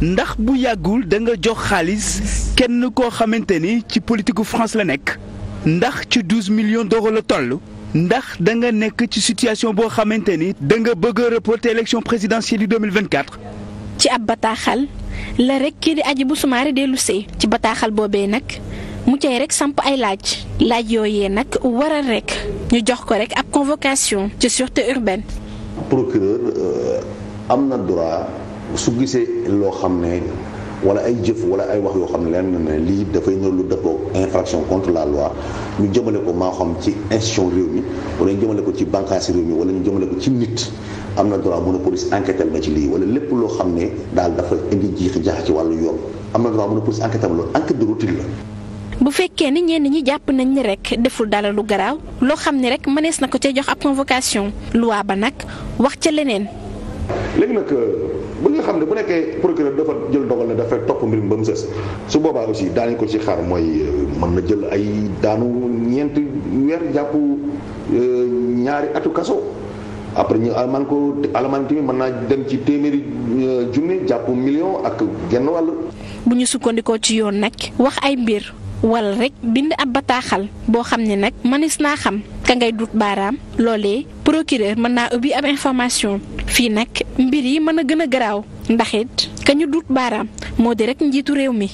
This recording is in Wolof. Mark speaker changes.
Speaker 1: ndax bu yàggul danga jox xaalis kenn koo xamante ni ci politiku France la nekk ndax ci douze millions d'euros la toll ndax da nga nekk ci situation boo xamante ni da nga bëgg a reporter élection présidentielle yu 2024.
Speaker 2: ci ab bataaxal la rek kii di Hadjibou Soumaré dellu see ci bataaxal boobee nag. mu cay rek samp ay laaj laaj yooyee nag waral rek ñu jox ko rek ab convocation ci sûreté urbaine.
Speaker 3: procureur euh, am na droit su gisee loo xam ne wala ay jëf wala ay wax yoo xam ne lenn ne lii dafay ñëw lu dëppoo infraction contre la loi ñu jëmale ko maa xam ci institution réew mi wala ñu jëmale ko ci bànqaasi réew mi wala ñu jëmale ko ci nit am na doro mun a police enquêtel ma ci lii wala lépp loo xam ne daal dafa indi jiixi jaax ci wàllu yoon am na droit am a police enquêtel ma loolu enquête de routine la.
Speaker 2: bu fekkee ni ñenn ñi jàpp nañ ni rek deful dara lu garaaw loo xam ne rek mënees na ko ca jox ab convocation loi ba nag wax ca leneen.
Speaker 3: léegi nag euh, bu nga xam ne bu nekkee procureur dafa jël dogal ne dafa topp mbir mi ba mu sës su boobaa aussi daanañ ko ci xaar mooy euh, mën na jël ay daanu ñeenti weer jàppu euh, ñaari atu kaso après ñu alamaan ko alamaan tamit mën naa dem ci téeméeri junne jàpp million ak genn wàll.
Speaker 2: bu ñu sukkandikoo ci yoon nag wax ay mbir wala rek bind ab bataaxal boo xam ne nag mënees naa xam. ka ngay duut baaraam loole procureur mën naa ubbi ab information fii nag mbir yi mën a gën a garaaw ndax it ka ñu dut baaraam moo di rek njiitu réew mi.